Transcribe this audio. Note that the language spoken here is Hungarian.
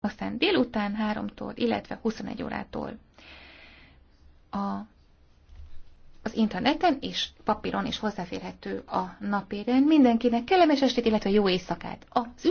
aztán délután 3-tól, illetve 21 órától a, az interneten és papíron is hozzáférhető a napéren. Mindenkinek kellemes estét, illetve jó éjszakát! Az